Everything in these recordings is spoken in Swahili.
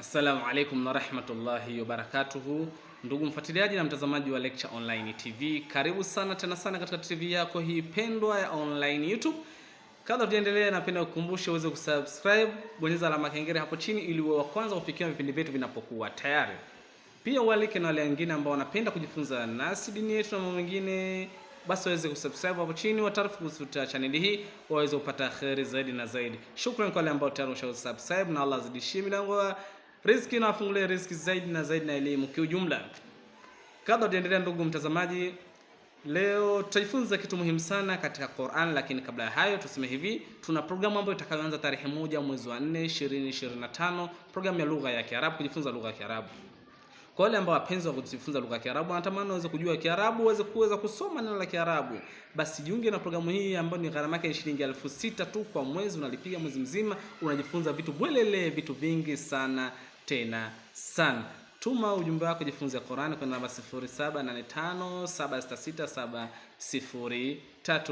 Assalamu alaikum na rahmatullahi wabarakatuhu, ndugu mfuatiliaji na mtazamaji wa Lecture Online TV, karibu sana tena sana katika TV yako hii pendwa ya online YouTube. Kabla tuendelee, napenda kukumbusha uweze kusubscribe, bonyeza alama kengele hapo chini ili uwe wa kwanza kufikia vipindi vyetu vinapokuwa tayari. Pia walike na wale wengine ambao wanapenda kujifunza nasi dini yetu na mambo mengine, basi waweze kusubscribe hapo chini, wataarifu kusuta chaneli hii waweze kupata kheri zaidi na zaidi. Shukrani kwa wale ambao tayari wamesubscribe, na Allah azidishie milango riziki na afungulie riziki zaidi na zaidi na elimu kiujumla. Kabla tuendelea, ndugu mtazamaji, leo tutajifunza kitu muhimu sana katika Qur'an, lakini kabla ya hayo tuseme hivi, tuna programu ambayo itakayoanza tarehe moja mwezi wa 4 2025, programu ya lugha ya Kiarabu, kujifunza lugha ya Kiarabu. Kwa wale ambao wapenzi wa kujifunza lugha ya Kiarabu wanatamani waweze kujua Kiarabu, waweze kuweza kusoma neno la Kiarabu, basi jiunge na programu hii ambayo ni gharama yake shilingi elfu sita tu kwa mwezi. Unalipiga mwezi mzima, unajifunza vitu bwelele, vitu vingi sana tena sana. Tuma ujumbe wako Jifunze Qur'an kwa namba 0785666703.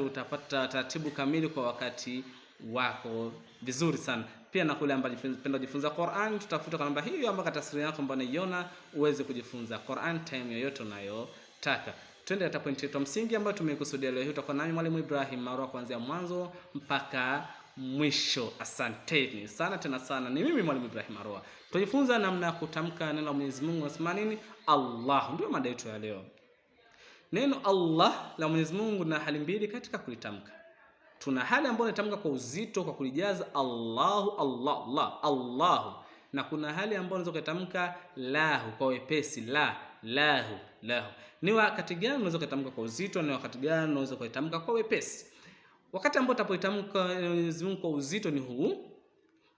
Utapata taratibu kamili kwa wakati wako vizuri sana. Pia na kule ambapo unapenda kujifunza Qur'an, tutafuta kwa namba hiyo ambayo taswira yako ambayo unaiona uweze kujifunza Qur'an time yoyote unayotaka. Twende katika pointi yetu msingi ambayo tumekusudia leo hii. Utakuwa nami mwalimu Ibrahim Marwa kuanzia mwanzo mpaka mwisho. Asanteni sana tena sana. Ni mimi mwalimu Ibrahim Arua. tujifunza namna ya kutamka neno la Mwenyezi Mungu. Nasema nini? Allah, ndio mada yetu ya leo. Neno Allah la Mwenyezi Mungu na hali mbili katika kulitamka. Tuna hali ambayo inatamka kwa uzito kwa kulijaza Allahu, Allah, Allah, Allahu, na kuna hali ambayo unaweza kutamka lahu kwa wepesi, la lahu lahu. Ni wakati gani unaweza kutamka kwa uzito na wakati gani unaweza kutamka kwa wepesi? Wakati ambao utapoitamka eh, Mwenyezi Mungu kwa uzito ni huu.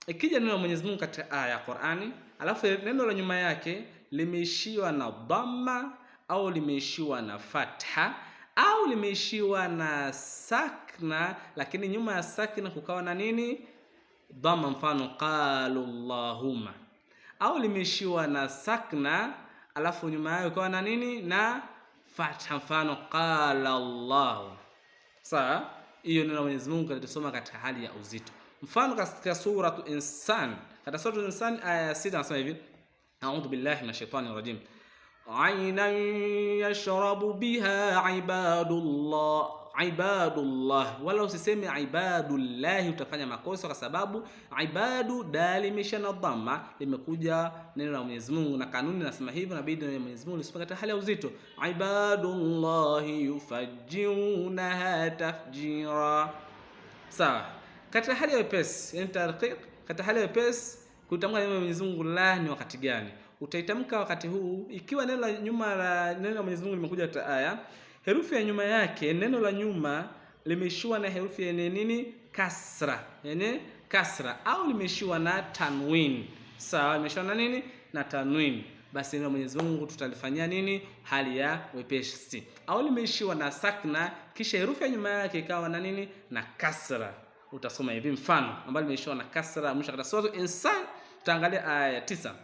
Ikija neno la Mwenyezi Mungu katika aya ya Qur'ani, alafu neno la nyuma yake limeishiwa na dhamma au limeishiwa na fatha au limeishiwa na sakna, lakini nyuma ya sakna kukawa na nini? Dhamma, mfano qalu Allahumma, au limeishiwa na sakna alafu nyuma yake kukawa na nini? Na fatha, mfano qala llahu Sawa hiyo neno la Mwenyezi Mungu alitusoma katika hali ya uzito. Mfano katika suratu Insan, katika suratu Insan aya ya 6 anasema hivi: a'udhu billahi minashaitanir rajim aynan yashrabu biha ibadullah ibadullah, wala usiseme ibadullahi, utafanya makosa, kwa sababu ibadu dalimisha na dhamma, limekuja neno la Mwenyezi Mungu na kanuni nasema hivyo, na bidii ya Mwenyezi Mungu lisome hali ya uzito. Ibadullahi yufajjirunaha tafjira. Sawa, katika hali ya wepesi, yani tarqiq, katika hali ya wepesi kutamka neno la Mwenyezi Mungu la ni wakati gani? Utaitamka wakati huu, ikiwa neno la nyuma la neno la Mwenyezi Mungu limekuja taaya Herufi ya nyuma yake, neno la nyuma limeishiwa na herufi yenye nini? Kasra, yenye kasra au limeishiwa na tanwin. Sawa, limeishiwa na nini? Na tanwin. Basi neno Mwenyezi Mungu tutalifanyia nini? Hali ya wepesi. Au limeishiwa na sakna, kisha herufi ya nyuma yake ikawa na nini? Na kasra. Utasoma hivi mfano ambayo limeishiwa na kasra mwisho katika sura Insan, tutaangalia aya ya tisa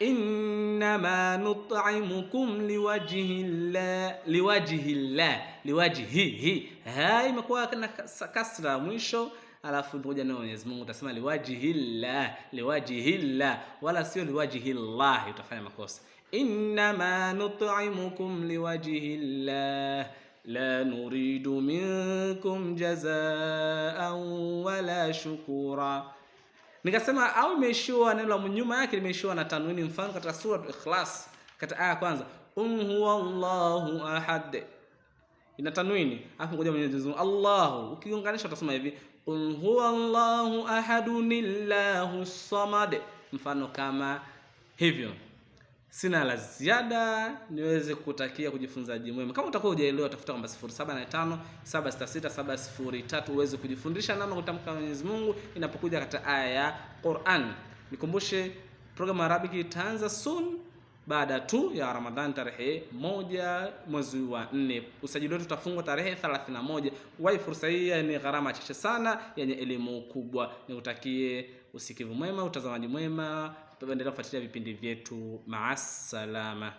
innama nut'imukum liwajhi llah liwajhi llah liwajhihi. Ha imekuwa na kasra mwisho, alafu ngoja na Mwenyezi Mungu utasema liwajhi llah liwajhi llah, wala sio liwajhi llah, utafanya makosa. Innama nut'imukum liwajhi llah la nuridu minkum jazaan wala shukura Nikasema au imeishiwa neno la nyuma yake limeishiwa na tanwini, mfano katika sura Ikhlas katika aya ya kwanza, um huwa Allahu ahad ina tanwini, afu ngoja Mwenyezi Mungu Allahu, ukiunganisha utasema hivi um huwa Allahu ahadun illahu samad, mfano kama hivyo. Sina la ziada, niweze kutakia kujifunzaji mwema. Kama utakuwa hujaelewa, tafuta kwamba 075 766 703 uweze kujifundisha namna kutamka Mwenyezi Mungu inapokuja katika aya ya Qur'an. Nikumbushe programu Arabic itaanza soon baada tu ya Ramadhani tarehe moja mwezi wa nne. Usajili wetu utafungwa tarehe 31. Wai fursa hii ni gharama chache sana yenye elimu kubwa. Nikutakie usikivu mwema, utazamaji mwema. Endelea kufuatilia vipindi vyetu. Maasalama.